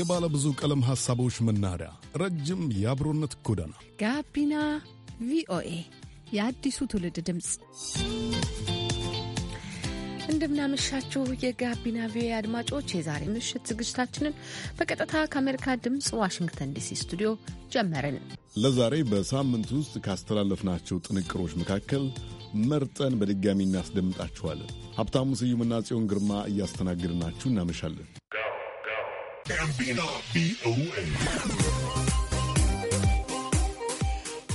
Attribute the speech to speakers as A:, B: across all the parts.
A: የባለ ብዙ ቀለም ሐሳቦች መናኸሪያ፣ ረጅም የአብሮነት ጎዳና
B: ጋቢና ቪኦኤ የአዲሱ ትውልድ ድምፅ። እንደምናመሻችሁ የጋቢና ቪኦኤ አድማጮች፣ የዛሬ ምሽት ዝግጅታችንን በቀጥታ ከአሜሪካ ድምፅ ዋሽንግተን ዲሲ ስቱዲዮ ጀመርን።
A: ለዛሬ በሳምንት ውስጥ ካስተላለፍናቸው ጥንቅሮች መካከል መርጠን በድጋሚ እናስደምጣችኋለን። ሀብታሙ ስዩምና ጽዮን ግርማ እያስተናግድናችሁ እናመሻለን። ጋቢና ቪኦኤ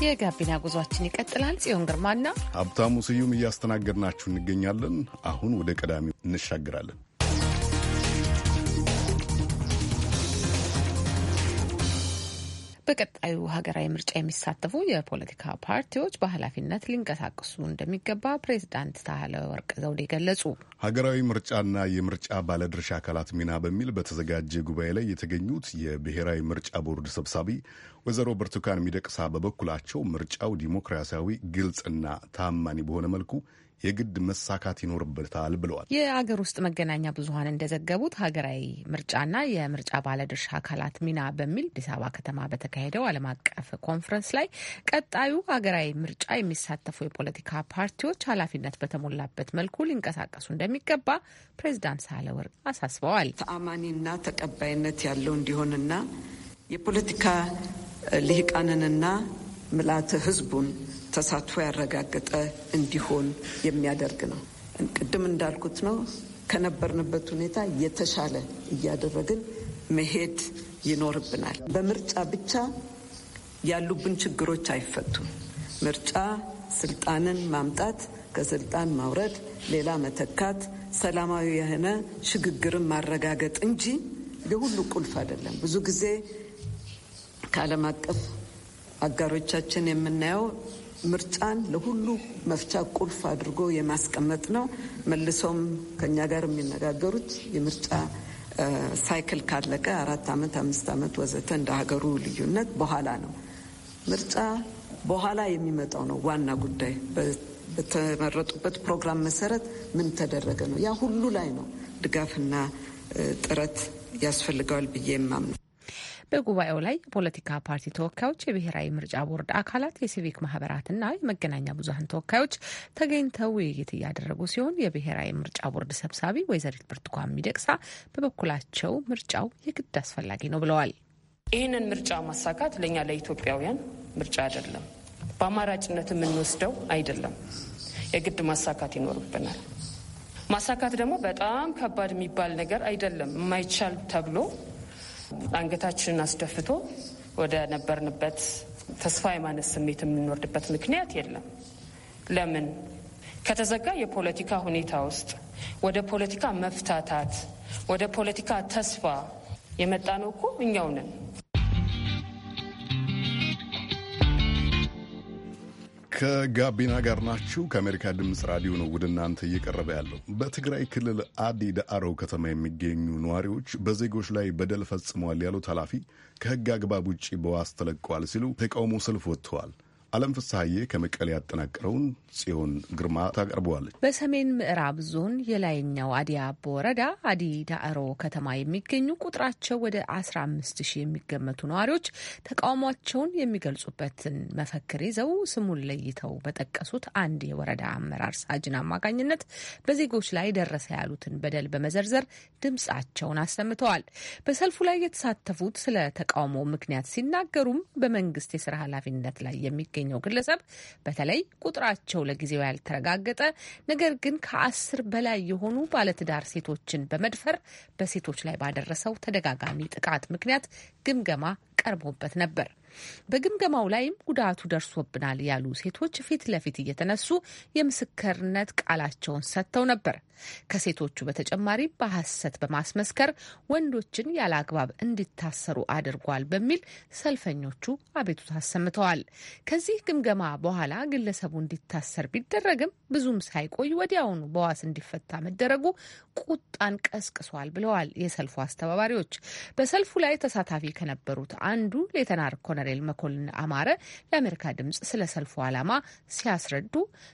B: የጋቢና ጉዟችን ይቀጥላል። ጽዮን ግርማና
A: ሀብታሙ ስዩም እያስተናገድናችሁ እንገኛለን። አሁን ወደ ቀዳሚው እንሻግራለን።
B: በቀጣዩ ሀገራዊ ምርጫ የሚሳተፉ የፖለቲካ ፓርቲዎች በኃላፊነት ሊንቀሳቀሱ እንደሚገባ ፕሬዚዳንት ወርቅ ዘውዴ ገለጹ።
A: ሀገራዊ ምርጫና የምርጫ ባለድርሻ አካላት ሚና በሚል በተዘጋጀ ጉባኤ ላይ የተገኙት የብሔራዊ ምርጫ ቦርድ ሰብሳቢ ወይዘሮ ብርቱካን ሚደቅሳ በበኩላቸው ምርጫው ዲሞክራሲያዊ፣ ግልጽና ታማኒ በሆነ መልኩ የግድ መሳካት ይኖርበታል ብለዋል።
B: የአገር ውስጥ መገናኛ ብዙኃን እንደዘገቡት ሀገራዊ ምርጫና የምርጫ ባለድርሻ አካላት ሚና በሚል አዲስ አበባ ከተማ በተካሄደው ዓለም አቀፍ ኮንፈረንስ ላይ ቀጣዩ ሀገራዊ ምርጫ የሚሳተፉ የፖለቲካ ፓርቲዎች ኃላፊነት በተሞላበት መልኩ ሊንቀሳቀሱ እንደሚገባ ፕሬዚዳንት ሳህለወርቅ
C: አሳስበዋል። ተአማኒና ተቀባይነት ያለው እንዲሆንና የፖለቲካ ልሂቃንንና ምልዓተ ህዝቡን። ተሳትፎ ያረጋገጠ እንዲሆን የሚያደርግ ነው። ቅድም እንዳልኩት ነው ከነበርንበት ሁኔታ የተሻለ እያደረግን መሄድ ይኖርብናል። በምርጫ ብቻ ያሉብን ችግሮች አይፈቱም። ምርጫ ስልጣንን ማምጣት፣ ከስልጣን ማውረድ፣ ሌላ መተካት፣ ሰላማዊ የሆነ ሽግግርን ማረጋገጥ እንጂ የሁሉ ቁልፍ አይደለም። ብዙ ጊዜ ከዓለም አቀፍ አጋሮቻችን የምናየው ምርጫን ለሁሉ መፍቻ ቁልፍ አድርጎ የማስቀመጥ ነው። መልሰውም ከኛ ጋር የሚነጋገሩት የምርጫ ሳይክል ካለቀ አራት ዓመት አምስት ዓመት ወዘተ እንደ ሀገሩ ልዩነት በኋላ ነው። ምርጫ በኋላ የሚመጣው ነው ዋና ጉዳይ። በተመረጡበት ፕሮግራም መሰረት ምን ተደረገ ነው። ያ ሁሉ ላይ ነው ድጋፍና ጥረት ያስፈልገዋል ብዬ የማምነው። በጉባኤው ላይ የፖለቲካ
B: ፓርቲ ተወካዮች፣ የብሔራዊ ምርጫ ቦርድ አካላት፣ የሲቪክ ማህበራትና የመገናኛ ብዙሀን ተወካዮች ተገኝተው ውይይት እያደረጉ ሲሆን የብሔራዊ ምርጫ ቦርድ ሰብሳቢ ወይዘሪት ብርቱካን ሚደቅሳ በበኩላቸው ምርጫው የግድ አስፈላጊ ነው ብለዋል።
D: ይህንን ምርጫ ማሳካት
C: ለእኛ ለኢትዮጵያውያን ምርጫ አይደለም፣ በአማራጭነት የምንወስደው አይደለም። የግድ ማሳካት ይኖርብናል።
D: ማሳካት ደግሞ በጣም ከባድ የሚባል ነገር አይደለም። የማይቻል ተብሎ አንገታችንን አስደፍቶ ወደ ነበርንበት ተስፋ የማነስ ስሜት የምንወርድበት ምክንያት የለም። ለምን ከተዘጋ የፖለቲካ ሁኔታ ውስጥ ወደ ፖለቲካ መፍታታት፣ ወደ ፖለቲካ ተስፋ የመጣ ነው እኮ እኛው ነን።
A: ከጋቢና ጋር ናችሁ። ከአሜሪካ ድምፅ ራዲዮ ነው ወደ እናንተ እየቀረበ ያለው። በትግራይ ክልል አዲ ዳዕሮ ከተማ የሚገኙ ነዋሪዎች በዜጎች ላይ በደል ፈጽመዋል ያሉት ኃላፊ ከህግ አግባብ ውጭ በዋስ ተለቀዋል ሲሉ ተቃውሞ ሰልፍ ወጥተዋል። አለም ፍስሐዬ ከመቀሌ ያጠናቀረውን ጽዮን ግርማ ታቀርበዋለች።
B: በሰሜን ምዕራብ ዞን የላይኛው አዲ አቦ ወረዳ አዲ ዳዕሮ ከተማ የሚገኙ ቁጥራቸው ወደ 15 ሺህ የሚገመቱ ነዋሪዎች ተቃውሟቸውን የሚገልጹበትን መፈክር ይዘው ስሙን ለይተው በጠቀሱት አንድ የወረዳ አመራር ሳጅን አማካኝነት በዜጎች ላይ ደረሰ ያሉትን በደል በመዘርዘር ድምጻቸውን አሰምተዋል። በሰልፉ ላይ የተሳተፉት ስለ ተቃውሞ ምክንያት ሲናገሩም በመንግስት የስራ ኃላፊነት ላይ የሚገ የሚገኘው ግለሰብ በተለይ ቁጥራቸው ለጊዜው ያልተረጋገጠ ነገር ግን ከአስር በላይ የሆኑ ባለትዳር ሴቶችን በመድፈር በሴቶች ላይ ባደረሰው ተደጋጋሚ ጥቃት ምክንያት ግምገማ ቀርቦበት ነበር። በግምገማው ላይም ጉዳቱ ደርሶብናል ያሉ ሴቶች ፊት ለፊት እየተነሱ የምስክርነት ቃላቸውን ሰጥተው ነበር። ከሴቶቹ በተጨማሪ በሐሰት በማስመስከር ወንዶችን ያለ አግባብ እንዲታሰሩ አድርጓል በሚል ሰልፈኞቹ አቤቱታ አሰምተዋል። ከዚህ ግምገማ በኋላ ግለሰቡ እንዲታሰር ቢደረግም ብዙም ሳይቆይ ወዲያውኑ በዋስ እንዲፈታ መደረጉ ቁጣን ቀስቅሷል ብለዋል የሰልፉ አስተባባሪዎች። በሰልፉ ላይ ተሳታፊ ከነበሩት አንዱ ሌተናር ኮነ ኮሎኔል መኮንን አማረ ለአሜሪካ ድምጽ ስለ ሰልፉ ዓላማ ሲያስረዱ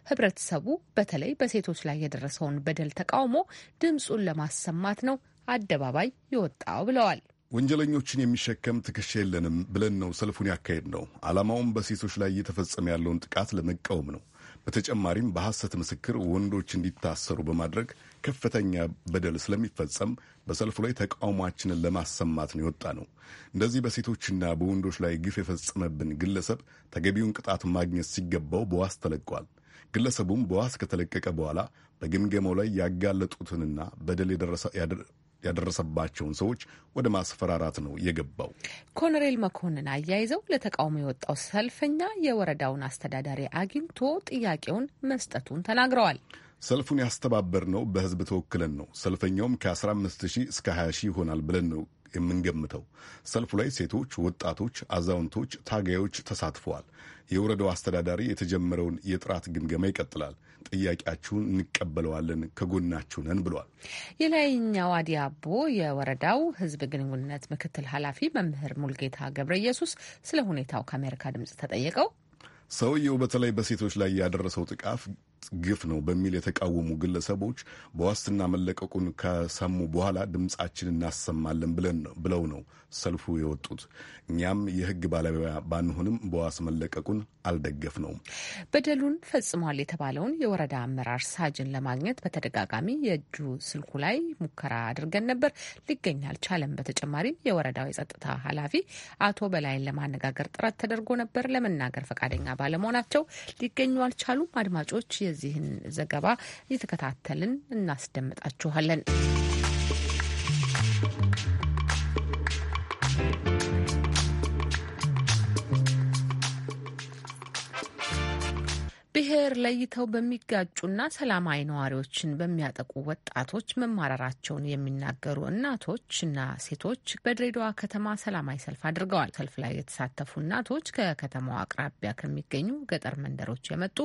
B: ህብረተሰቡ በተለይ በሴቶች ላይ የደረሰውን በደል ተቃውሞ ድምፁን ለማሰማት ነው አደባባይ የወጣው ብለዋል።
A: ወንጀለኞችን የሚሸከም ትከሻ የለንም ብለን ነው ሰልፉን ያካሄድ ነው። ዓላማውም በሴቶች ላይ እየተፈጸመ ያለውን ጥቃት ለመቃወም ነው። በተጨማሪም በሐሰት ምስክር ወንዶች እንዲታሰሩ በማድረግ ከፍተኛ በደል ስለሚፈጸም በሰልፉ ላይ ተቃውሟችንን ለማሰማት ነው የወጣ ነው። እንደዚህ በሴቶችና በወንዶች ላይ ግፍ የፈጸመብን ግለሰብ ተገቢውን ቅጣት ማግኘት ሲገባው በዋስ ተለቋል። ግለሰቡም በዋስ ከተለቀቀ በኋላ በግምገማው ላይ ያጋለጡትንና በደል ያደረሰባቸውን ሰዎች ወደ ማስፈራራት ነው የገባው።
B: ኮሎኔል መኮንን አያይዘው ለተቃውሞ የወጣው ሰልፈኛ የወረዳውን አስተዳዳሪ አግኝቶ ጥያቄውን መስጠቱን ተናግረዋል።
A: ሰልፉን ያስተባበር ነው በህዝብ ተወክለን ነው። ሰልፈኛውም ከ15 ሺህ እስከ 20 ሺህ ይሆናል ብለን ነው የምንገምተው። ሰልፉ ላይ ሴቶች፣ ወጣቶች፣ አዛውንቶች፣ ታጋዮች ተሳትፈዋል። የወረዳው አስተዳዳሪ የተጀመረውን የጥራት ግምገማ ይቀጥላል። ጥያቄያችሁን እንቀበለዋለን፣ ከጎናችሁ ነን ብሏል።
B: የላይኛው አዲ አቦ የወረዳው ህዝብ ግንኙነት ምክትል ኃላፊ መምህር ሙልጌታ ገብረ ኢየሱስ ስለ ሁኔታው ከአሜሪካ ድምጽ ተጠየቀው
A: ሰውየው በተለይ በሴቶች ላይ ያደረሰው ጥቃፍ ግፍ ነው በሚል የተቃወሙ ግለሰቦች በዋስትና መለቀቁን ከሰሙ በኋላ ድምፃችን እናሰማለን ብለው ነው ሰልፉ የወጡት። እኛም የህግ ባለሙያ ባንሆንም በዋስ መለቀቁን አልደገፍ ነው።
B: በደሉን ፈጽሟል የተባለውን የወረዳ አመራር ሳጅን ለማግኘት በተደጋጋሚ የእጁ ስልኩ ላይ ሙከራ አድርገን ነበር፣ ሊገኝ አልቻለም። በተጨማሪም የወረዳው የጸጥታ ኃላፊ አቶ በላይን ለማነጋገር ጥረት ተደርጎ ነበር፣ ለመናገር ፈቃደኛ ባለመሆናቸው ሊገኙ አልቻሉም። አድማጮች የዚህን ዘገባ እየተከታተልን እናስደምጣችኋለን። ብሔር ለይተው በሚጋጩና ሰላማዊ ነዋሪዎችን በሚያጠቁ ወጣቶች መማረራቸውን የሚናገሩ እናቶችና ሴቶች በድሬዳዋ ከተማ ሰላማዊ ሰልፍ አድርገዋል። ሰልፍ ላይ የተሳተፉ እናቶች ከከተማዋ አቅራቢያ ከሚገኙ ገጠር መንደሮች የመጡ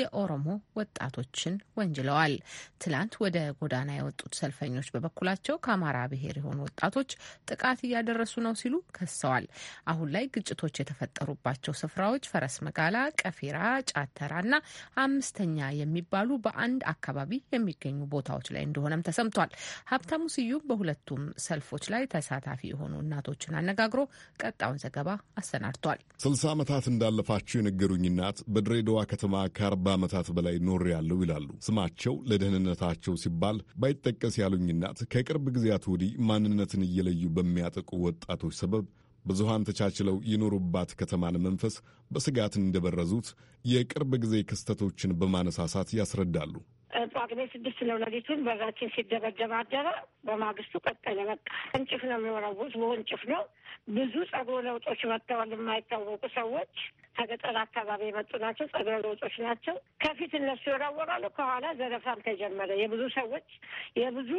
B: የኦሮሞ ወጣቶችን ወንጅለዋል። ትላንት ወደ ጎዳና የወጡት ሰልፈኞች በበኩላቸው ከአማራ ብሔር የሆኑ ወጣቶች ጥቃት እያደረሱ ነው ሲሉ ከሰዋል። አሁን ላይ ግጭቶች የተፈጠሩባቸው ስፍራዎች ፈረስ መጋላ፣ ቀፌራ፣ ጫተራ እና አምስተኛ የሚባሉ በአንድ አካባቢ የሚገኙ ቦታዎች ላይ እንደሆነም ተሰምቷል። ሀብታሙ ስዩም በሁለቱም ሰልፎች ላይ ተሳታፊ የሆኑ እናቶችን አነጋግሮ ቀጣዩን ዘገባ አሰናድቷል።
A: ስልሳ ዓመታት እንዳለፋቸው የነገሩኝ እናት በድሬዳዋ ከተማ ከአርባ ዓመታት በላይ ኖር ያለው ይላሉ። ስማቸው ለደህንነታቸው ሲባል ባይጠቀስ ያሉኝ እናት ከቅርብ ጊዜያት ወዲህ ማንነትን እየለዩ በሚያጠቁ ወጣቶች ሰበብ ብዙሃን ተቻችለው የኖሩባት ከተማን መንፈስ በስጋት እንደበረዙት የቅርብ ጊዜ ክስተቶችን በማነሳሳት ያስረዳሉ።
E: ጳጉሜ ስድስት ነው ሌሊቱን በጋችን ሲደበደብ አደረ። በማግስቱ ቀጠለ። በቃ እንጭፍ ነው የሚወረውት፣ በወንጭፍ ነው። ብዙ ጸጉር ለውጦች መጥተዋል። የማይታወቁ ሰዎች ከገጠር አካባቢ የመጡ ናቸው። ጸጉር ለውጦች ናቸው። ከፊት እነሱ ይወራወራሉ፣ ከኋላ ዘረፋም ተጀመረ። የብዙ ሰዎች የብዙ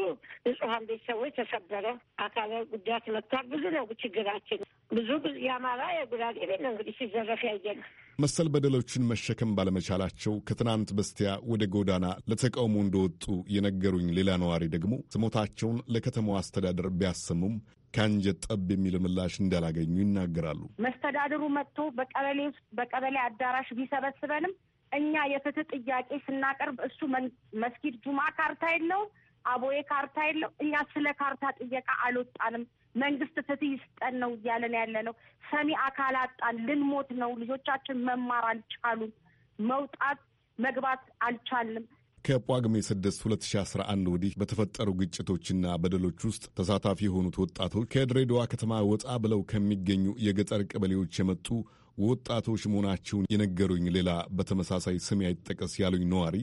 E: ንጹሐን ቤት ሰዎች ተሰበረ። አካለ ጉዳት መጥቷል። ብዙ ነው ችግራችን። ብዙ የአማራ የጉራጌ
C: ቤት ነው እንግዲህ ሲዘረፍ ያየነ
A: መሰል በደሎችን መሸከም ባለመቻላቸው ከትናንት በስቲያ ወደ ጎዳና ለተቃውሞ እንደወጡ የነገሩኝ ሌላ ነዋሪ ደግሞ ስሞታቸውን ለከተማው አስተዳደር ቢያሰሙም ከአንጀት ጠብ የሚል ምላሽ እንዳላገኙ ይናገራሉ።
B: መስተዳድሩ መጥቶ በቀበሌ ውስጥ በቀበሌ አዳራሽ ቢሰበስበንም እኛ የፍትህ ጥያቄ ስናቀርብ እሱ መስጊድ ጁማ ካርታ የለውም፣ አቦዬ ካርታ የለው። እኛ ስለ ካርታ ጥየቃ አልወጣንም። መንግስት ፍትህ ይስጠን ነው እያለን ያለ ነው። ሰሚ አካል አጣን። ልንሞት ነው። ልጆቻችን መማር አልቻሉም። መውጣት መግባት አልቻልም።
A: ከጳጉሜ 6 2011 ወዲህ በተፈጠሩ ግጭቶችና በደሎች ውስጥ ተሳታፊ የሆኑት ወጣቶች ከድሬዳዋ ከተማ ወጣ ብለው ከሚገኙ የገጠር ቀበሌዎች የመጡ ወጣቶች መሆናቸውን የነገሩኝ ሌላ በተመሳሳይ ስም አይጠቀስ ያሉኝ ነዋሪ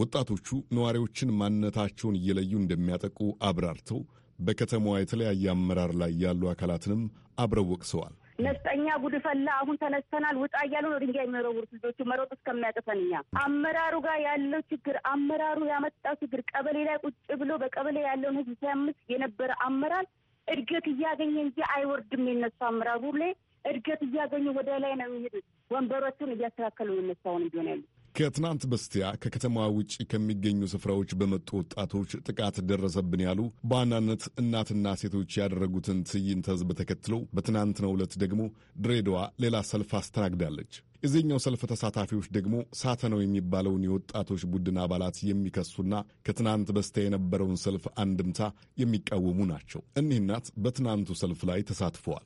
A: ወጣቶቹ ነዋሪዎችን ማንነታቸውን እየለዩ እንደሚያጠቁ አብራርተው በከተማዋ የተለያየ አመራር ላይ ያሉ አካላትንም አብረው ወቅሰዋል።
C: ነፍጠኛ ጉድፈላ
E: አሁን ተነስተናል ውጣ እያሉ ነው ድንጋይ የሚወረውሩት ልጆቹ መሮጥ እስከሚያቅተን እኛ አመራሩ ጋር ያለው ችግር አመራሩ ያመጣው ችግር ቀበሌ ላይ ቁጭ ብሎ በቀበሌ ያለውን ህዝብ ሲያምስ የነበረ አመራር እድገት እያገኘ እንጂ አይወርድም። የነሱ አመራሩ ላይ እድገት እያገኙ ወደ ላይ ነው የሚሄዱት። ወንበሮቹን እያስተካከሉ የነሳውን ቢሆን ያሉት
A: ከትናንት በስቲያ ከከተማ ውጭ ከሚገኙ ስፍራዎች በመጡ ወጣቶች ጥቃት ደረሰብን ያሉ በዋናነት እናትና ሴቶች ያደረጉትን ትዕይንተ ህዝብ ተከትሎ በትናንትናው ዕለት ደግሞ ድሬዳዋ ሌላ ሰልፍ አስተናግዳለች። የዚህኛው ሰልፍ ተሳታፊዎች ደግሞ ሳተ ነው የሚባለውን የወጣቶች ቡድን አባላት የሚከሱና ከትናንት በስቲያ የነበረውን ሰልፍ አንድምታ የሚቃወሙ ናቸው። እኒህ እናት በትናንቱ ሰልፍ ላይ ተሳትፈዋል።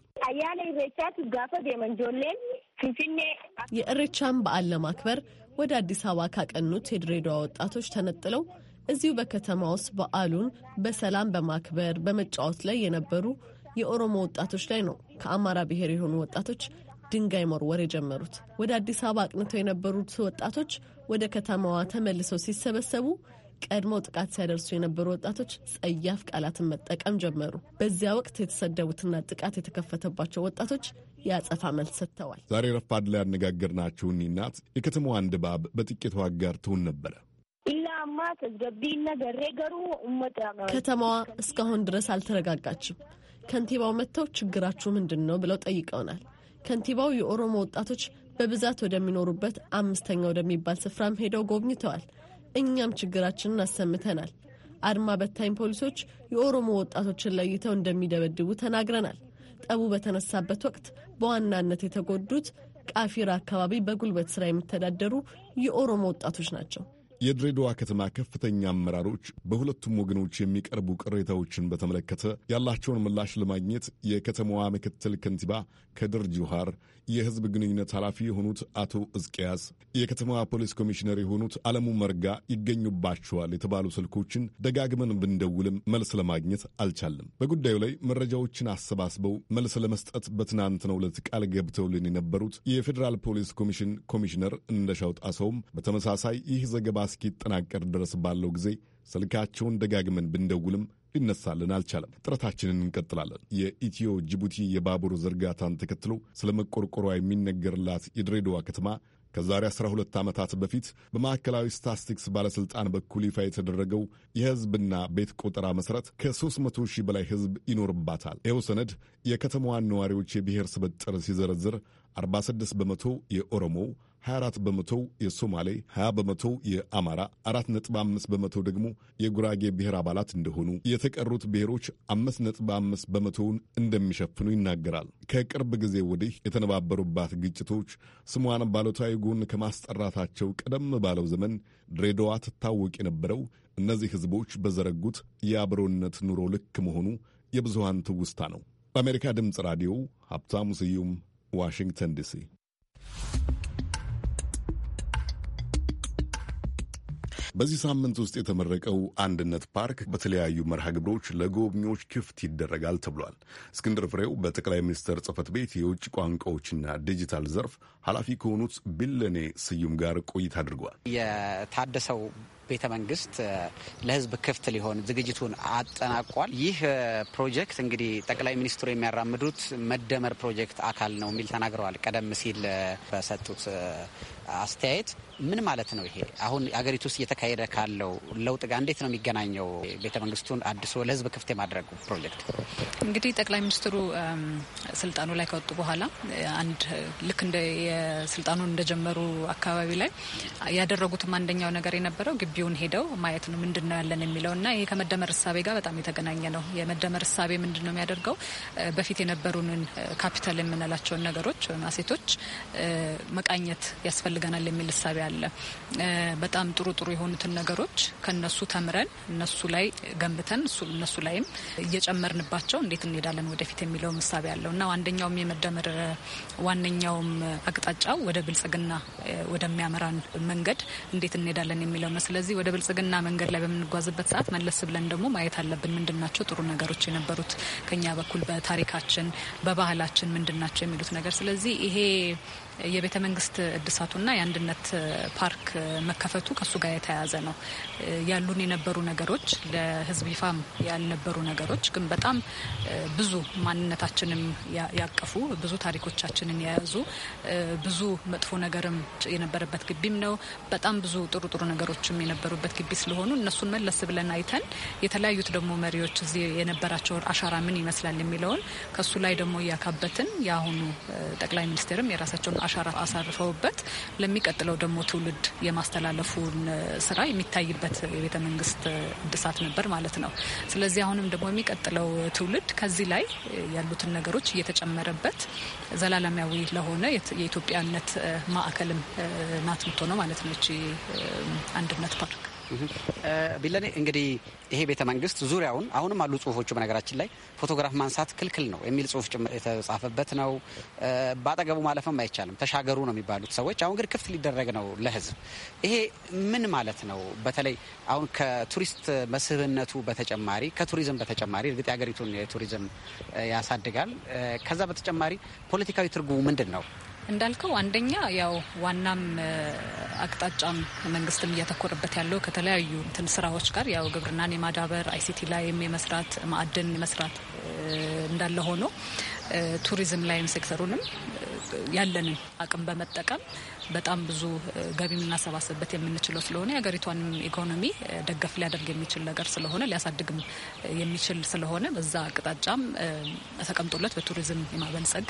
F: የእርቻን የእሬቻን በዓል ለማክበር ወደ አዲስ አበባ ካቀኑት የድሬዳዋ ወጣቶች ተነጥለው እዚሁ በከተማ ውስጥ በዓሉን በሰላም በማክበር በመጫወት ላይ የነበሩ የኦሮሞ ወጣቶች ላይ ነው ከአማራ ብሔር የሆኑ ወጣቶች ድንጋይ መወርወር የጀመሩት። ወደ አዲስ አበባ አቅንተው የነበሩት ወጣቶች ወደ ከተማዋ ተመልሰው ሲሰበሰቡ ቀድመው ጥቃት ሲያደርሱ የነበሩ ወጣቶች ጸያፍ ቃላትን መጠቀም ጀመሩ። በዚያ ወቅት የተሰደቡትና ጥቃት የተከፈተባቸው ወጣቶች የአጸፋ መልስ ሰጥተዋል።
A: ዛሬ ረፋድ ላይ ያነጋገርናቸው እኚህ እናት የከተማዋን ድባብ በጥቂቱ አጋርተውን ነበረ።
F: ከተማዋ እስካሁን ድረስ አልተረጋጋችም። ከንቲባው መጥተው ችግራችሁ ምንድን ነው ብለው ጠይቀውናል። ከንቲባው የኦሮሞ ወጣቶች በብዛት ወደሚኖሩበት አምስተኛ ወደሚባል ስፍራም ሄደው ጎብኝተዋል። እኛም ችግራችንን አሰምተናል። አድማ በታኝ ፖሊሶች የኦሮሞ ወጣቶችን ለይተው እንደሚደበድቡ ተናግረናል። ጠቡ በተነሳበት ወቅት በዋናነት የተጎዱት ቃፊራ አካባቢ በጉልበት ስራ የሚተዳደሩ የኦሮሞ ወጣቶች ናቸው።
A: የድሬዳዋ ከተማ ከፍተኛ አመራሮች በሁለቱም ወገኖች የሚቀርቡ ቅሬታዎችን በተመለከተ ያላቸውን ምላሽ ለማግኘት የከተማዋ ምክትል ከንቲባ ከድር ጁሃር፣ የህዝብ ግንኙነት ኃላፊ የሆኑት አቶ እዝቅያስ፣ የከተማዋ ፖሊስ ኮሚሽነር የሆኑት አለሙ መርጋ ይገኙባቸዋል የተባሉ ስልኮችን ደጋግመን ብንደውልም መልስ ለማግኘት አልቻለም። በጉዳዩ ላይ መረጃዎችን አሰባስበው መልስ ለመስጠት በትናንትናው ዕለት ቃል ገብተውልን የነበሩት የፌዴራል ፖሊስ ኮሚሽን ኮሚሽነር እንደሻው ጣሰውም በተመሳሳይ ይህ ዘገባ እስኪጠናቀር ድረስ ባለው ጊዜ ስልካቸውን ደጋግመን ብንደውልም ሊነሳልን አልቻለም። ጥረታችንን እንቀጥላለን። የኢትዮ ጅቡቲ የባቡር ዝርጋታን ተከትሎ ስለ መቆርቆሯ የሚነገርላት የድሬዳዋ ከተማ ከዛሬ 12 ዓመታት በፊት በማዕከላዊ ስታስቲክስ ባለሥልጣን በኩል ይፋ የተደረገው የሕዝብና ቤት ቆጠራ መሠረት ከ300 ሺህ በላይ ሕዝብ ይኖርባታል። ይኸው ሰነድ የከተማዋን ነዋሪዎች የብሔር ስበጥር ሲዘረዝር 46 በመቶ የኦሮሞ 24 በመቶ የሶማሌ፣ 20 በመቶ የአማራ፣ 4.5 በመቶ ደግሞ የጉራጌ ብሔር አባላት እንደሆኑ የተቀሩት ብሔሮች 5.5 በመቶውን እንደሚሸፍኑ ይናገራል። ከቅርብ ጊዜ ወዲህ የተነባበሩባት ግጭቶች ስሟን ባሉታዊ ጎን ከማስጠራታቸው ቀደም ባለው ዘመን ድሬዳዋ ትታወቅ የነበረው እነዚህ ህዝቦች በዘረጉት የአብሮነት ኑሮ ልክ መሆኑ የብዙሃን ትውስታ ነው። በአሜሪካ ድምፅ ራዲዮ ሀብታሙ ስዩም ዋሽንግተን ዲሲ። በዚህ ሳምንት ውስጥ የተመረቀው አንድነት ፓርክ በተለያዩ መርሃ ግብሮች ለጎብኚዎች ክፍት ይደረጋል ተብሏል። እስክንድር ፍሬው በጠቅላይ ሚኒስትር ጽህፈት ቤት የውጭ ቋንቋዎችና ዲጂታል ዘርፍ ኃላፊ ከሆኑት ቢለኔ ስዩም ጋር ቆይታ አድርጓል።
E: የታደሰው ቤተ መንግስት ለህዝብ ክፍት ሊሆን ዝግጅቱን አጠናቋል። ይህ ፕሮጀክት እንግዲህ ጠቅላይ ሚኒስትሩ የሚያራምዱት መደመር ፕሮጀክት አካል ነው የሚል ተናግረዋል። ቀደም ሲል በሰጡት አስተያየት ምን ማለት ነው? ይሄ አሁን አገሪቱ ውስጥ እየተካሄደ ካለው ለውጥ ጋር እንዴት ነው የሚገናኘው? ቤተ መንግስቱን አድሶ ለህዝብ ክፍት የማድረጉ ፕሮጀክት
D: እንግዲህ ጠቅላይ ሚኒስትሩ ስልጣኑ ላይ ከወጡ በኋላ አንድ ልክ እንደ የስልጣኑን እንደጀመሩ አካባቢ ላይ ያደረጉትም አንደኛው ነገር የነበረው ግቢ ግቢውን ሄደው ማየት ነው ምንድን ነው ያለን የሚለው እና ይህ ከመደመር እሳቤ ጋር በጣም የተገናኘ ነው። የመደመር እሳቤ ምንድን ነው የሚያደርገው በፊት የነበሩንን ካፒታል የምንላቸውን ነገሮች ወይም አሴቶች መቃኘት ያስፈልገናል የሚል እሳቤ አለ። በጣም ጥሩ ጥሩ የሆኑትን ነገሮች ከነሱ ተምረን እነሱ ላይ ገንብተን እነሱ ላይም እየጨመርንባቸው እንዴት እንሄዳለን ወደፊት የሚለውም እሳቤ አለው እና አንደኛውም የመደመር ዋነኛውም አቅጣጫው ወደ ብልጽግና ወደሚያመራን መንገድ እንዴት እንሄዳለን የሚለው ነው። ስለዚህ ወደ ብልጽግና መንገድ ላይ በምንጓዝበት ሰዓት መለስ ብለን ደግሞ ማየት አለብን። ምንድን ናቸው ጥሩ ነገሮች የነበሩት ከኛ በኩል በታሪካችን በባህላችን ምንድን ናቸው የሚሉት ነገር ስለዚህ ይሄ የቤተ መንግስት እድሳቱና የአንድነት ፓርክ መከፈቱ ከሱ ጋር የተያያዘ ነው። ያሉን የነበሩ ነገሮች ለህዝብ ይፋም ያልነበሩ ነገሮች ግን በጣም ብዙ ማንነታችንም ያቀፉ ብዙ ታሪኮቻችንን የያዙ ብዙ መጥፎ ነገርም የነበረበት ግቢም ነው። በጣም ብዙ ጥሩ ጥሩ ነገሮችም የነበሩበት ግቢ ስለሆኑ እነሱን መለስ ብለን አይተን የተለያዩት ደግሞ መሪዎች እዚህ የነበራቸውን አሻራ ምን ይመስላል የሚለውን ከሱ ላይ ደግሞ እያካበትን የአሁኑ ጠቅላይ ሚኒስትርም የራሳቸውን አሻራ አሳርፈውበት ለሚቀጥለው ደግሞ ትውልድ የማስተላለፉን ስራ የሚታይበት የቤተ መንግስት እድሳት ነበር ማለት ነው። ስለዚህ አሁንም ደግሞ የሚቀጥለው ትውልድ ከዚህ ላይ ያሉትን ነገሮች እየተጨመረበት ዘላለማዊ ለሆነ የኢትዮጵያነት ማዕከልም ናት ምትሆነው ማለት ነው። አንድነት ፓርክ
E: ቢለኔ እንግዲህ ይሄ ቤተ መንግስት ዙሪያውን አሁንም አሉ ጽሁፎቹ። በነገራችን ላይ ፎቶግራፍ ማንሳት ክልክል ነው የሚል ጽሁፍ የተጻፈበት ነው። በአጠገቡ ማለፍም አይቻልም። ተሻገሩ ነው የሚባሉት ሰዎች። አሁን ግን ክፍት ሊደረግ ነው ለህዝብ። ይሄ ምን ማለት ነው? በተለይ አሁን ከቱሪስት መስህብነቱ በተጨማሪ ከቱሪዝም በተጨማሪ እርግጥ የሀገሪቱን የቱሪዝም ያሳድጋል። ከዛ በተጨማሪ ፖለቲካዊ ትርጉሙ ምንድን ነው?
D: እንዳልከው አንደኛ ያው ዋናም አቅጣጫም መንግስትም እያተኮረበት ያለው ከተለያዩ እንትን ስራዎች ጋር ያው ግብርናን የማዳበር አይሲቲ ላይም የመስራት ማዕድን የመስራት እንዳለ ሆኖ ቱሪዝም ላይም ሴክተሩንም ያለንን አቅም በመጠቀም በጣም ብዙ ገቢ የምናሰባሰብበት የምንችለው ስለሆነ የሀገሪቷንም ኢኮኖሚ ደገፍ ሊያደርግ የሚችል ነገር ስለሆነ ሊያሳድግም የሚችል ስለሆነ በዛ አቅጣጫም ተቀምጦለት በቱሪዝም የማበልጸግ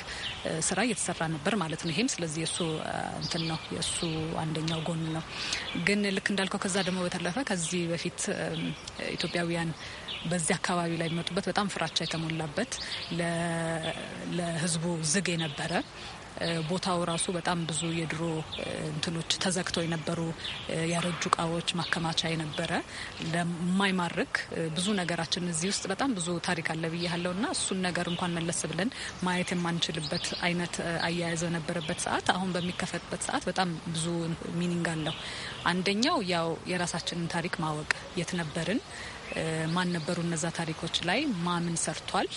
D: ስራ እየተሰራ ነበር ማለት ነው። ይሄም ስለዚህ የእሱ እንትን ነው የእሱ አንደኛው ጎን ነው። ግን ልክ እንዳልከው ከዛ ደግሞ በተለፈ ከዚህ በፊት ኢትዮጵያውያን በዚህ አካባቢ ላይ የሚመጡበት በጣም ፍራቻ የተሞላበት ለህዝቡ ዝግ የነበረ ቦታው ራሱ በጣም ብዙ የድሮ እንትኖች ተዘግተው የነበሩ ያረጁ እቃዎች ማከማቻ የነበረ ለማይማርክ ብዙ ነገራችን እዚህ ውስጥ በጣም ብዙ ታሪክ አለ ብያለው እና እሱን ነገር እንኳን መለስ ብለን ማየት የማንችልበት አይነት አያያዘ ነበረበት ሰዓት አሁን በሚከፈትበት ሰዓት በጣም ብዙ ሚኒንግ አለው። አንደኛው ያው የራሳችንን ታሪክ ማወቅ የት ነበርን ማን ነበሩ እነዛ ታሪኮች ላይ ማምን ሰርቷል፣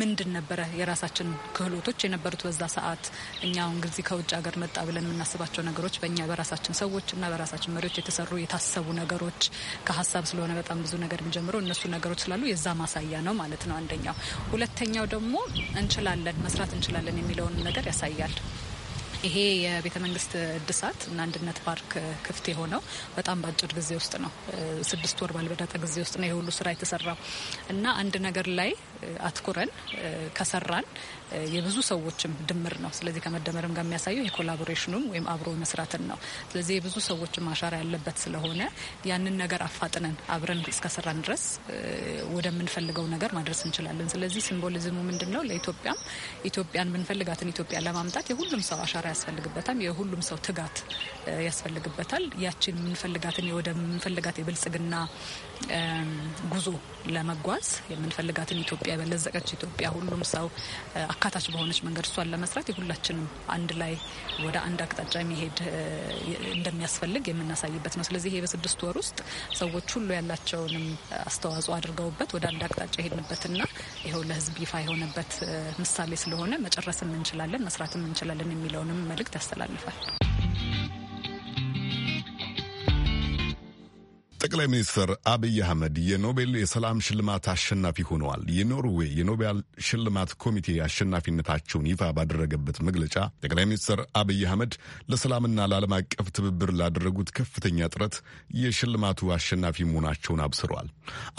D: ምንድን ነበረ የራሳችን ክህሎቶች የነበሩት በዛ ሰዓት። እኛ እንግዲህ ከውጭ ሀገር መጣ ብለን የምናስባቸው ነገሮች በእኛ በራሳችን ሰዎች እና በራሳችን መሪዎች የተሰሩ የታሰቡ ነገሮች ከሀሳብ ስለሆነ በጣም ብዙ ነገር የሚጀምረው እነሱ ነገሮች ስላሉ የዛ ማሳያ ነው ማለት ነው አንደኛው። ሁለተኛው ደግሞ እንችላለን መስራት እንችላለን የሚለውን ነገር ያሳያል። ይሄ የቤተ መንግስት እድሳት እና አንድነት ፓርክ ክፍት የሆነው በጣም በአጭር ጊዜ ውስጥ ነው። ስድስት ወር ባልበዳተ ጊዜ ውስጥ ነው ሁሉ ስራ የተሰራው እና አንድ ነገር ላይ አትኩረን ከሰራን የብዙ ሰዎችም ድምር ነው። ስለዚህ ከመደመርም ጋር የሚያሳየው የኮላቦሬሽኑም ወይም አብሮ መስራትን ነው። ስለዚህ የብዙ ሰዎችም አሻራ ያለበት ስለሆነ ያንን ነገር አፋጥነን አብረን እስከሰራን ድረስ ወደምንፈልገው ነገር ማድረስ እንችላለን። ስለዚህ ሲምቦሊዝሙ ምንድን ነው? ለኢትዮጵያም ኢትዮጵያን ምንፈልጋትን ኢትዮጵያ ለማምጣት የሁሉም ሰው አሻራ ያስፈልግበታል። የሁሉም ሰው ትጋት ያስፈልግበታል። ያችን የምንፈልጋትን ወደምንፈልጋት የብልጽግና ጉዞ ለመጓዝ የምንፈልጋትን ኢትዮጵያ በለዘቀች ኢትዮጵያ ሁሉም ሰው አካታች በሆነች መንገድ እሷን ለመስራት የሁላችንም አንድ ላይ ወደ አንድ አቅጣጫ የሚሄድ እንደሚያስፈልግ የምናሳይበት ነው። ስለዚህ ይሄ በስድስት ወር ውስጥ ሰዎች ሁሉ ያላቸውንም አስተዋጽኦ አድርገውበት ወደ አንድ አቅጣጫ የሄድንበትና ይኸው ለህዝብ ይፋ የሆነበት ምሳሌ ስለሆነ መጨረስም እንችላለን፣ መስራትም እንችላለን የሚለውንም መልእክት ያስተላልፋል።
A: ጠቅላይ ሚኒስትር አብይ አህመድ የኖቤል የሰላም ሽልማት አሸናፊ ሆነዋል። የኖርዌይ የኖቤል ሽልማት ኮሚቴ አሸናፊነታቸውን ይፋ ባደረገበት መግለጫ ጠቅላይ ሚኒስትር አብይ አህመድ ለሰላምና ለዓለም አቀፍ ትብብር ላደረጉት ከፍተኛ ጥረት የሽልማቱ አሸናፊ መሆናቸውን አብስረዋል።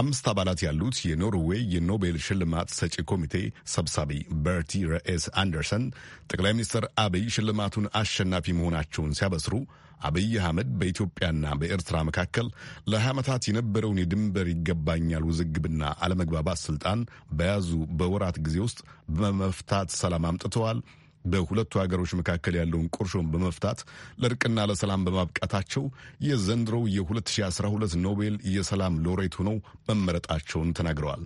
A: አምስት አባላት ያሉት የኖርዌይ የኖቤል ሽልማት ሰጪ ኮሚቴ ሰብሳቢ በርቲ ረኤስ አንደርሰን ጠቅላይ ሚኒስትር አብይ ሽልማቱን አሸናፊ መሆናቸውን ሲያበስሩ አብይ አህመድ በኢትዮጵያና በኤርትራ መካከል ለ2ዓመታት የነበረውን የድንበር ይገባኛል ውዝግብና አለመግባባት ስልጣን በያዙ በወራት ጊዜ ውስጥ በመፍታት ሰላም አምጥተዋል። በሁለቱ ሀገሮች መካከል ያለውን ቁርሾን በመፍታት ለእርቅና ለሰላም በማብቃታቸው የዘንድሮው የ2012 ኖቤል የሰላም ሎሬት ሆነው መመረጣቸውን ተናግረዋል።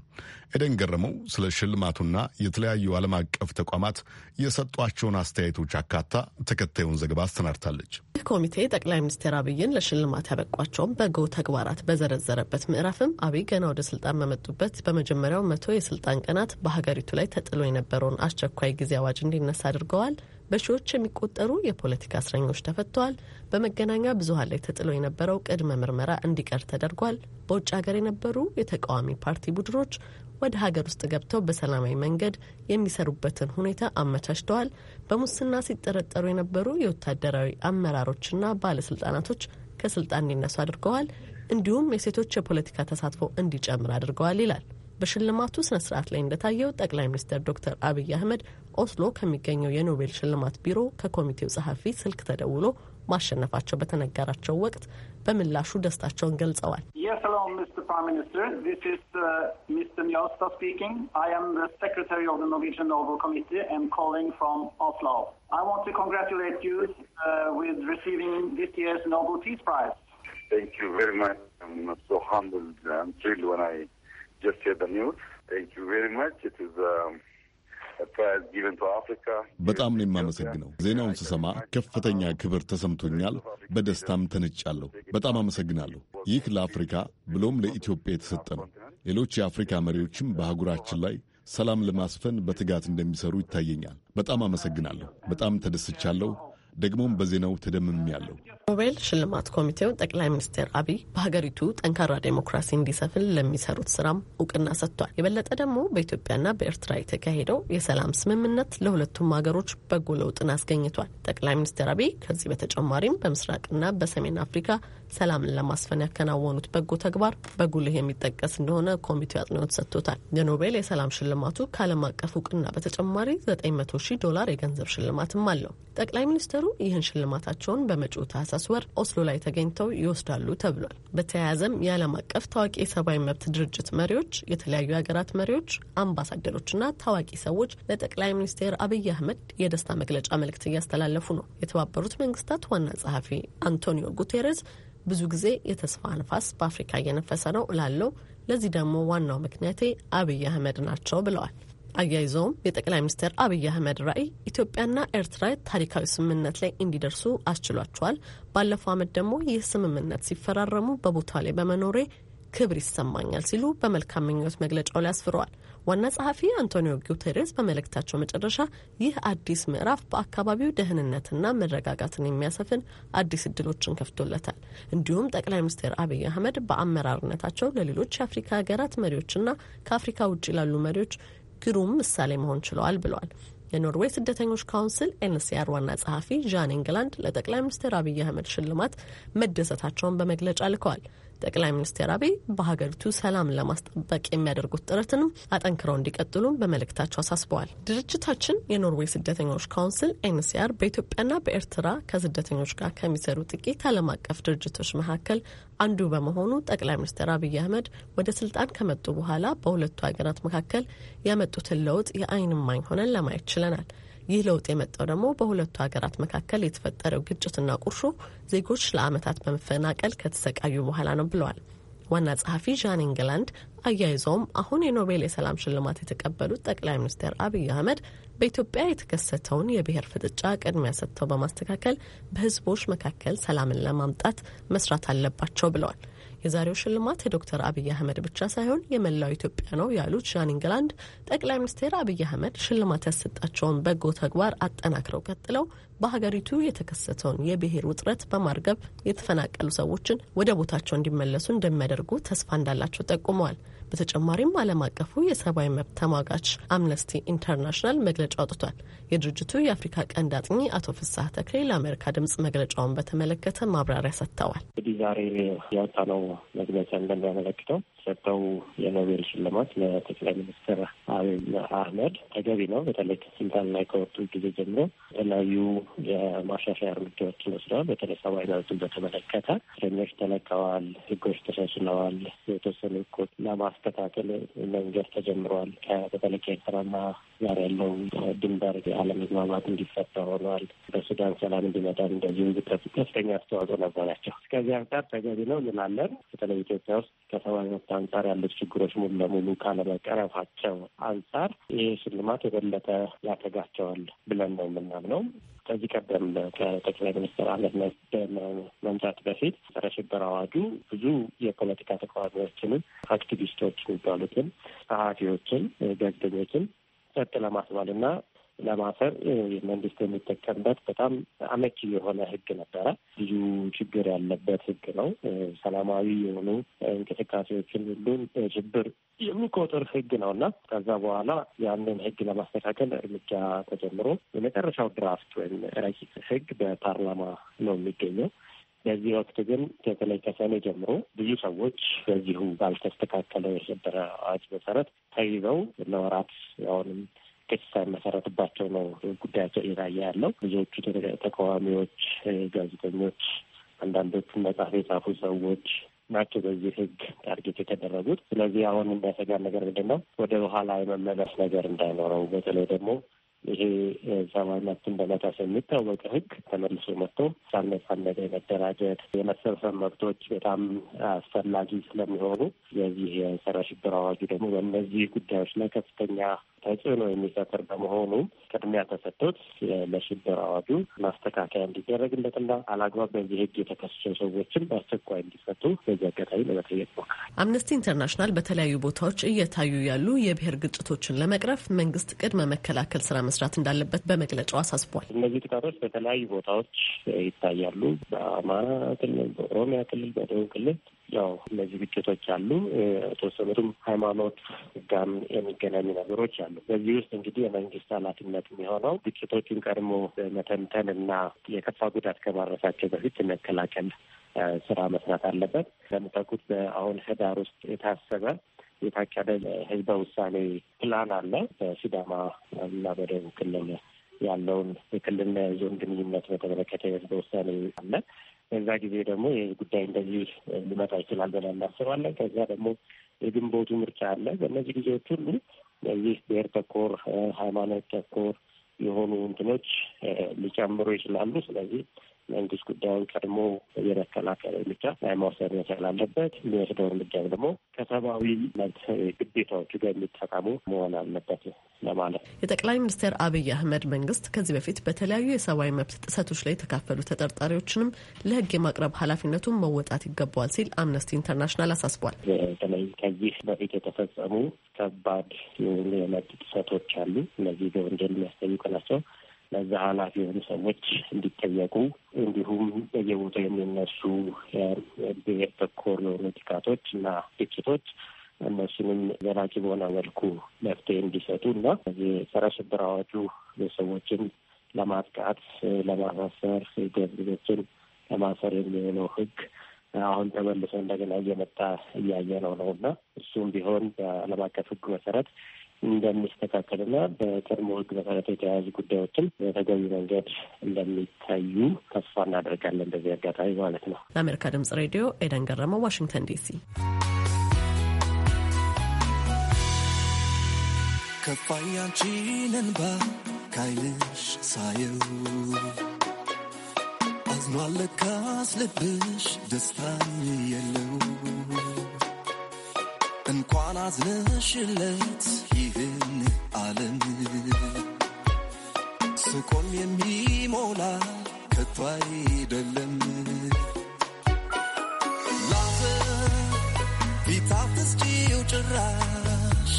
A: ኤደን ገረመው ስለ ሽልማቱና የተለያዩ ዓለም አቀፍ ተቋማት የሰጧቸውን አስተያየቶች አካታ ተከታዩን ዘገባ አሰናድታለች።
F: ይህ ኮሚቴ ጠቅላይ ሚኒስትር አብይን ለሽልማት ያበቋቸውን በጎ ተግባራት በዘረዘረበት ምዕራፍም አብይ ገና ወደ ስልጣን በመጡበት በመጀመሪያው መቶ የስልጣን ቀናት በሀገሪቱ ላይ ተጥሎ የነበረውን አስቸኳይ ጊዜ አዋጅ እንዲነሳ አድርጓል። አድርገዋል። በሺዎች የሚቆጠሩ የፖለቲካ እስረኞች ተፈተዋል። በመገናኛ ብዙኃን ላይ ተጥሎ የነበረው ቅድመ ምርመራ እንዲቀር ተደርጓል። በውጭ ሀገር የነበሩ የተቃዋሚ ፓርቲ ቡድኖች ወደ ሀገር ውስጥ ገብተው በሰላማዊ መንገድ የሚሰሩበትን ሁኔታ አመቻችተዋል። በሙስና ሲጠረጠሩ የነበሩ የወታደራዊ አመራሮችና ባለስልጣናቶች ከስልጣን እንዲነሱ አድርገዋል። እንዲሁም የሴቶች የፖለቲካ ተሳትፎ እንዲጨምር አድርገዋል ይላል። በሽልማቱ ስነ ስርዓት ላይ እንደታየው ጠቅላይ ሚኒስትር ዶክተር አብይ አህመድ ኦስሎ ከሚገኘው የኖቤል ሽልማት ቢሮ ከኮሚቴው ጸሐፊ ስልክ ተደውሎ ማሸነፋቸው በተነገራቸው ወቅት በምላሹ ደስታቸውን ገልጸዋል።
E: uh, uh, Thank you very much. I'm so humbled and thrilled when I
A: በጣም ነው የማመሰግነው። ዜናውን ስሰማ ከፍተኛ ክብር ተሰምቶኛል፣ በደስታም ተነጫለሁ። በጣም አመሰግናለሁ። ይህ ለአፍሪካ ብሎም ለኢትዮጵያ የተሰጠ ነው። ሌሎች የአፍሪካ መሪዎችም በአህጉራችን ላይ ሰላም ለማስፈን በትጋት እንደሚሰሩ ይታየኛል። በጣም አመሰግናለሁ። በጣም ተደስቻለሁ። ደግሞም በዜናው ተደምም ያለው
F: ኖቤል ሽልማት ኮሚቴው ጠቅላይ ሚኒስትር አብይ በሀገሪቱ ጠንካራ ዴሞክራሲ እንዲሰፍን ለሚሰሩት ስራም እውቅና ሰጥቷል። የበለጠ ደግሞ በኢትዮጵያና በኤርትራ የተካሄደው የሰላም ስምምነት ለሁለቱም ሀገሮች በጎ ለውጥን አስገኝቷል። ጠቅላይ ሚኒስትር አብይ ከዚህ በተጨማሪም በምስራቅና በሰሜን አፍሪካ ሰላምን ለማስፈን ያከናወኑት በጎ ተግባር በጉልህ የሚጠቀስ እንደሆነ ኮሚቴው አጽንኦት ሰጥቶታል። የኖቤል የሰላም ሽልማቱ ከዓለም አቀፍ እውቅና በተጨማሪ 900 ሺህ ዶላር የገንዘብ ሽልማትም አለው። ጠቅላይ ሚኒስትሩ ይህን ሽልማታቸውን በመጪው ታህሳስ ወር ኦስሎ ላይ ተገኝተው ይወስዳሉ ተብሏል። በተያያዘም የዓለም አቀፍ ታዋቂ የሰብአዊ መብት ድርጅት መሪዎች፣ የተለያዩ ሀገራት መሪዎች፣ አምባሳደሮችና ታዋቂ ሰዎች ለጠቅላይ ሚኒስትር አብይ አህመድ የደስታ መግለጫ መልእክት እያስተላለፉ ነው። የተባበሩት መንግስታት ዋና ጸሐፊ አንቶኒዮ ጉቴሬስ ብዙ ጊዜ የተስፋ ንፋስ በአፍሪካ እየነፈሰ ነው እላለው። ለዚህ ደግሞ ዋናው ምክንያቴ አብይ አህመድ ናቸው ብለዋል። አያይዘውም የጠቅላይ ሚኒስትር አብይ አህመድ ራዕይ ኢትዮጵያና ኤርትራ ታሪካዊ ስምምነት ላይ እንዲደርሱ አስችሏቸዋል። ባለፈው ዓመት ደግሞ ይህ ስምምነት ሲፈራረሙ በቦታ ላይ በመኖሬ ክብር ይሰማኛል ሲሉ በመልካም ምኞት መግለጫው ላይ አስፍረዋል። ዋና ጸሐፊ አንቶኒዮ ጉቴሬስ በመልእክታቸው መጨረሻ ይህ አዲስ ምዕራፍ በአካባቢው ደህንነትና መረጋጋትን የሚያሰፍን አዲስ እድሎችን ከፍቶለታል። እንዲሁም ጠቅላይ ሚኒስትር አብይ አህመድ በአመራርነታቸው ለሌሎች የአፍሪካ ሀገራት መሪዎችና ከአፍሪካ ውጭ ላሉ መሪዎች ግሩም ምሳሌ መሆን ችለዋል ብለዋል። የኖርዌይ ስደተኞች ካውንስል ኤንሲአር ዋና ጸሐፊ ዣን ኢንግላንድ ለጠቅላይ ሚኒስትር አብይ አህመድ ሽልማት መደሰታቸውን በመግለጫ ልከዋል። ጠቅላይ ሚኒስትር አብይ በሀገሪቱ ሰላም ለማስጠበቅ የሚያደርጉት ጥረትንም አጠንክረው እንዲቀጥሉ በመልእክታቸው አሳስበዋል። ድርጅታችን የኖርዌይ ስደተኞች ካውንስል ኤንሲአር በኢትዮጵያና በኤርትራ ከስደተኞች ጋር ከሚሰሩ ጥቂት ዓለም አቀፍ ድርጅቶች መካከል አንዱ በመሆኑ ጠቅላይ ሚኒስትር አብይ አህመድ ወደ ስልጣን ከመጡ በኋላ በሁለቱ ሀገራት መካከል ያመጡትን ለውጥ የአይን እማኝ ሆነን ለማየት ችለናል። ይህ ለውጥ የመጣው ደግሞ በሁለቱ ሀገራት መካከል የተፈጠረው ግጭትና ቁርሾ ዜጎች ለዓመታት በመፈናቀል ከተሰቃዩ በኋላ ነው ብለዋል። ዋና ጸሐፊ ዣን ኢንግላንድ አያይዘውም አሁን የኖቤል የሰላም ሽልማት የተቀበሉት ጠቅላይ ሚኒስትር አብይ አህመድ በኢትዮጵያ የተከሰተውን የብሔር ፍጥጫ ቅድሚያ ሰጥተው በማስተካከል በህዝቦች መካከል ሰላምን ለማምጣት መስራት አለባቸው ብለዋል። የዛሬው ሽልማት የዶክተር አብይ አህመድ ብቻ ሳይሆን የመላው ኢትዮጵያ ነው ያሉት ዣን ኢንግላንድ ጠቅላይ ሚኒስትር አብይ አህመድ ሽልማት ያሰጣቸውን በጎ ተግባር አጠናክረው ቀጥለው በሀገሪቱ የተከሰተውን የብሔር ውጥረት በማርገብ የተፈናቀሉ ሰዎችን ወደ ቦታቸው እንዲመለሱ እንደሚያደርጉ ተስፋ እንዳላቸው ጠቁመዋል። በተጨማሪም ዓለም አቀፉ የሰብአዊ መብት ተሟጋች አምነስቲ ኢንተርናሽናል መግለጫ አውጥቷል። የድርጅቱ የአፍሪካ ቀንድ አጥኚ አቶ ፍሳህ ተክሌ ለአሜሪካ ድምጽ መግለጫውን በተመለከተ ማብራሪያ ሰጥተዋል።
E: እንግዲህ ዛሬ ያወጣነው መግለጫ እንደሚያመለክተው ሰጠው የኖቤል ሽልማት ለጠቅላይ ሚኒስትር አብይ አህመድ ተገቢ ነው። በተለይ ስልጣን ላይ ከወጡ ጊዜ ጀምሮ የተለያዩ የማሻሻያ እርምጃዎችን ወስደዋል። በተለይ ሰብአዊ መብትን በተመለከተ እስረኞች ተለቀዋል፣ ህጎች ተሻሽለዋል፣ የተወሰኑ ህጎች ለማ የማስተካከል መንገድ ተጀምሯል። በተለይ ከኤርትራና ጋር ያለው ድንበር አለመግባባት እንዲፈታ ሆኗል። በሱዳን ሰላም እንዲመጣ እንደዚህ ከፍተኛ አስተዋጽኦ ነበራቸው። እስከዚህ አንጻር ተገቢ ነው እንላለን። በተለይ ኢትዮጵያ ውስጥ ከሰብአዊ መብት አንጻር ያሉት ችግሮች ሙሉ ለሙሉ ካለመቀረፋቸው አንጻር ይህ ሽልማት የበለጠ ያተጋቸዋል ብለን ነው የምናምነው። ከዚህ ቀደም ከጠቅላይ ሚኒስትር አብይ መምጣት በፊት ጸረ ሽብር አዋጁ ብዙ የፖለቲካ ተቃዋሚዎችንም፣ አክቲቪስቶች የሚባሉትን፣ ጸሐፊዎችን፣ ጋዜጠኞችን ጸጥ ለማስባል እና ለማሰር መንግስት የሚጠቀምበት በጣም አመቺ የሆነ ህግ ነበረ። ብዙ ችግር ያለበት ህግ ነው። ሰላማዊ የሆኑ እንቅስቃሴዎችን ሁሉ ሽብር የሚቆጥር ህግ ነው እና ከዛ በኋላ ያንን ህግ ለማስተካከል እርምጃ ተጀምሮ የመጨረሻው ድራፍት ወይም ረቂቅ ህግ በፓርላማ ነው የሚገኘው። በዚህ ወቅት ግን በተለይ ከሰኔ ጀምሮ ብዙ ሰዎች በዚሁ ባልተስተካከለ የሽብር አዋጅ መሰረት ተይዘው ለወራት አሁንም ክስ ሳይመሰረትባቸው ነው ጉዳያቸው እየታየ ያለው። ብዙዎቹ ተቃዋሚዎች፣ ጋዜጠኞች፣ አንዳንዶቹ መጽሐፍ የጻፉ ሰዎች ናቸው በዚህ ህግ ታርጌት የተደረጉት። ስለዚህ አሁን የሚያሰጋን ነገር ምንድን ነው? ወደ በኋላ የመመለስ ነገር እንዳይኖረው በተለይ ደግሞ ይሄ መብትን በመጣስ የሚታወቀ ህግ ተመልሶ መጥቶ ሳልነሳነደ የመደራጀት የመሰብሰብ መብቶች በጣም አስፈላጊ ስለሚሆኑ የዚህ የጸረ ሽብር አዋጁ ደግሞ በእነዚህ ጉዳዮች ላይ ከፍተኛ ተጽዕኖ የሚፈጥር በመሆኑ ቅድሚያ ተሰጥቶት ለሽብር አዋጁ ማስተካከያ እንዲደረግለትና አላግባብ በዚህ ህግ የተከሰሱ ሰዎችም በአስቸኳይ እንዲፈቱ በዚህ አጋጣሚ ለመጠየቅ ሞክራል።
F: አምነስቲ ኢንተርናሽናል በተለያዩ ቦታዎች እየታዩ ያሉ የብሔር ግጭቶችን ለመቅረፍ መንግስት ቅድመ መከላከል ስራ መስራት እንዳለበት በመግለጫው አሳስቧል።
E: እነዚህ ጥቃቶች በተለያዩ ቦታዎች ይታያሉ። በአማራ ክልል፣ በኦሮሚያ ክልል፣ በደቡብ ክልል ያው እነዚህ ግጭቶች አሉ። የተወሰኑትም ሃይማኖት ጋም የሚገናኙ ነገሮች አሉ። በዚህ ውስጥ እንግዲህ የመንግስት ኃላፊነት የሚሆነው ግጭቶቹን ቀድሞ መተንተን እና የከፋ ጉዳት ከማረሳቸው በፊት መከላከል ስራ መስራት አለበት። እንደምታውቁት በአሁን ህዳር ውስጥ የታሰበ የታቀደ ህዝበ ውሳኔ ፕላን አለ። በሲዳማ እና በደቡብ ክልል ያለውን የክልልና የዞን ግንኙነት በተመለከተ የህዝበ ውሳኔ አለ። በዛ ጊዜ ደግሞ ይህ ጉዳይ እንደዚህ ሊመጣ ይችላል ብለን እናስባለን። ከዛ ደግሞ የግንቦቱ ምርጫ አለ። በእነዚህ ጊዜዎች ሁሉ እዚህ ብሔር ተኮር፣ ሃይማኖት ተኮር የሆኑ እንትኖች ሊጨምሩ ይችላሉ። ስለዚህ መንግስት ጉዳዩን ቀድሞ የመከላከል እርምጃ ላይ መውሰድ መቻል አለበት። የሚወስደው እርምጃ ደግሞ ከሰብአዊ መብት ግዴታዎቹ ጋር የሚጠቀሙ መሆን አለበት ለማለት
F: የጠቅላይ ሚኒስትር አብይ አህመድ መንግስት ከዚህ በፊት በተለያዩ የሰብአዊ መብት ጥሰቶች ላይ የተካፈሉ ተጠርጣሪዎችንም ለህግ የማቅረብ ኃላፊነቱን መወጣት ይገባዋል ሲል አምነስቲ ኢንተርናሽናል አሳስቧል።
E: በተለይ ከዚህ በፊት የተፈጸሙ ከባድ የመብት ጥሰቶች አሉ። እነዚህ በወንጀል የሚያስጠይቁ ናቸው። ለዛ ኃላፊ የሆኑ ሰዎች እንዲጠየቁ እንዲሁም በየቦታው የሚነሱ ብሔር ተኮር የሆኑ ጥቃቶች እና ግጭቶች እነሱንም ዘላቂ በሆነ መልኩ መፍትሄ እንዲሰጡ እና የጸረ ሽብር አዋጁ የሰዎችን ለማጥቃት፣ ለማሳሰር፣ ገዝቤቶችን ለማሰር የሚሆነው ህግ አሁን ተመልሶ እንደገና እየመጣ እያየ ነው ነው እና እሱም ቢሆን በዓለም አቀፍ ህግ መሰረት እንደሚስተካከልና በቀድሞ ህግ መሰረት የተያያዙ ጉዳዮችም በተገቢ መንገድ እንደሚታዩ ተስፋ እናደርጋለን። በዚህ አጋጣሚ ማለት ነው።
F: ለአሜሪካ ድምጽ ሬዲዮ ኤደን ገረመው፣ ዋሽንግተን ዲሲ።
G: ከፋያንቺን ካይልሽ ሳየው አዝኗል ልብሽ ደስታ የለው እንኳን አዝነሽለት ይህን ዓለም ስቆም የሚሞላ ከቶ አይደለም። ላዘ ቢታፍስጪው ጭራሽ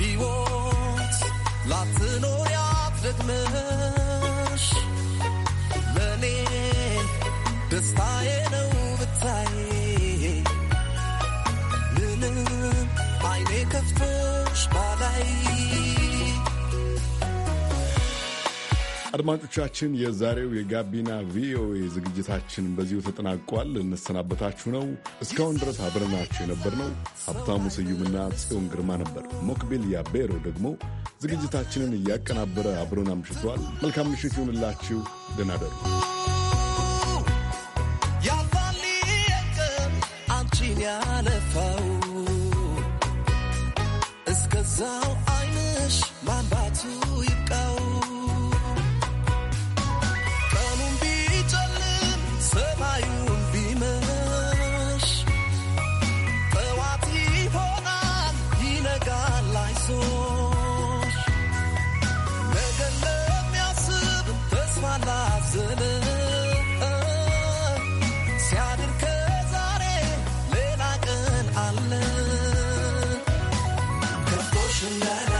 G: ሕይወት ላትኖሪያት ደግመሽ ለእኔ ደስታዬ ነው።
A: አድማጮቻችን የዛሬው የጋቢና ቪኦኤ ዝግጅታችን በዚሁ ተጠናቋል። እንሰናበታችሁ ነው። እስካሁን ድረስ አብረናችሁ ነው። ሀብታሙ ስዩምና ጽዮን ግርማ ነበር። ሞክቢል ያቤሮ ደግሞ ዝግጅታችንን እያቀናበረ አብሮን አምሽቷል። መልካም ምሽት ይሁንላችሁ። ደህና ደሩ።
G: ያፋል አንቺን ያነፋው እዛው አይንሽ ማንባቱ tonight.